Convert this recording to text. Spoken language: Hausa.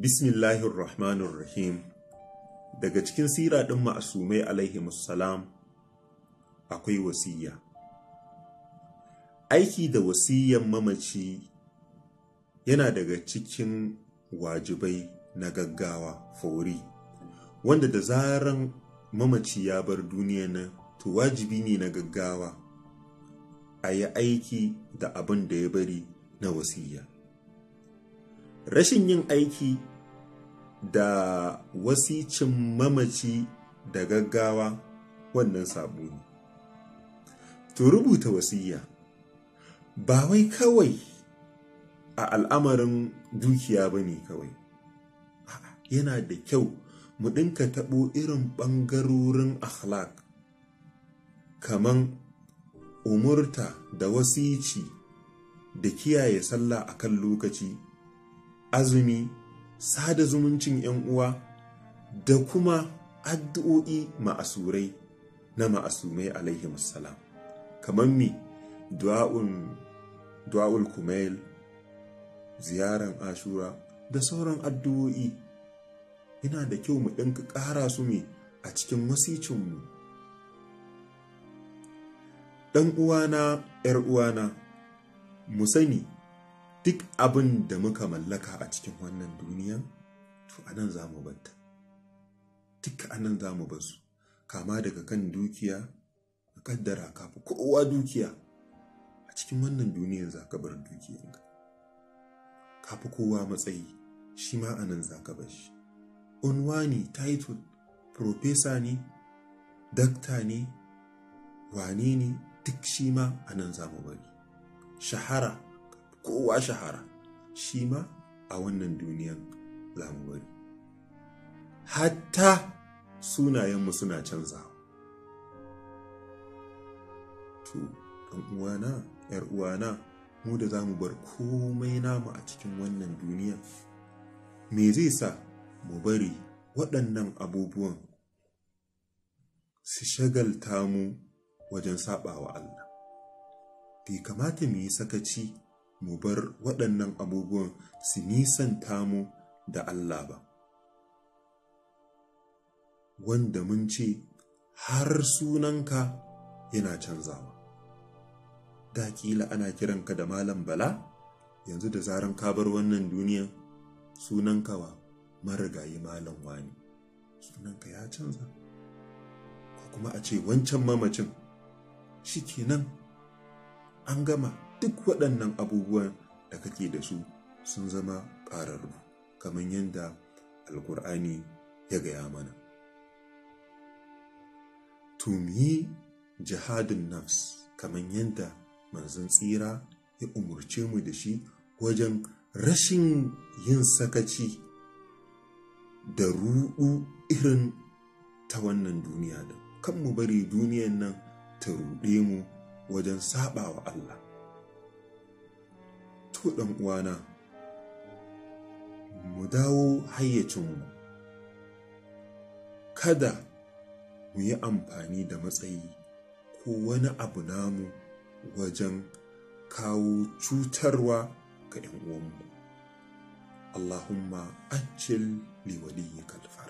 bismillahir rahmanir rahim daga cikin sira ɗin ma'asumai alaihi musallam akwai wasiya aiki da wasiyan mamaci yana daga cikin wajibai na gaggawa fauri wanda da zaran mamaci ya bar duniya nan to wajibi ne na gaggawa a yi aiki da abin da ya bari na wasiya rashin yin aiki da wasicin mamaci da gaggawa wannan sabo ne to rubuta wasiya ba wai kawai a al'amarin dukiya ba ne kawai yana da kyau mu ɗinka taɓo irin ɓangarorin akhlaq kaman umurta da wasici da kiyaye sallah akan lokaci azumi sada zumuncin 'yan uwa da kuma addu'o'i ma'asurai na ma'asumai alaihi salam kamar mi du'a'ul kumail ziyaran ashura da sauran addu'o'i yana da kyau mu ɗinka ƙara su mi a cikin wasicinmu ɗan uwana ‘yar uwana mu sani duk abin da muka mallaka a cikin wannan duniya to a nan za mu banta duk a nan za mu basu kama daga kan dukiya a kaddara kafa kowa dukiya a cikin wannan duniyar za ka bar dukiyan ka kafa kowa matsayi shi ma a nan za ka bar shi ne title profesa ne dakta ne wane ne duk shi ma a nan za mu bari shahara kowa shahara shi ma a wannan duniyan za bari hatta sunayenmu suna canza to ɗan uwana ‘yar uwana mu da za mu bar komai namu a cikin wannan duniya me zai sa mu bari waɗannan abubuwan su shagalta mu wajen saɓawa Allah bai kamata mu yi sakaci mu bar waɗannan abubuwan su nisanta mu da Allah ba wanda mun ce har sunanka yana canzawa da kila ana kiranka da malam bala yanzu da zaran ka bar wannan duniya sunanka wa marigayi malam wani sunanka ya canza ko kuma a ce wancan mamacin shi kenan an gama duk waɗannan abubuwan da kake da su sun zama ƙararru kamar yadda Alƙur'ani ya gaya mana tumi jihadin nafs kamar yadda manzon tsira ya umarce mu da shi wajen rashin yin sakaci da ruɗu irin ta wannan duniya da kan mu bari duniyan nan ta ruɗe mu wajen saɓawa Allah to ɗan uwana mu dawo hayyacinmu kada mu yi amfani da matsayi ko wani abu namu wajen kawo cutarwa ga 'yan uwanmu Allahumma an li waliyyika kalfar.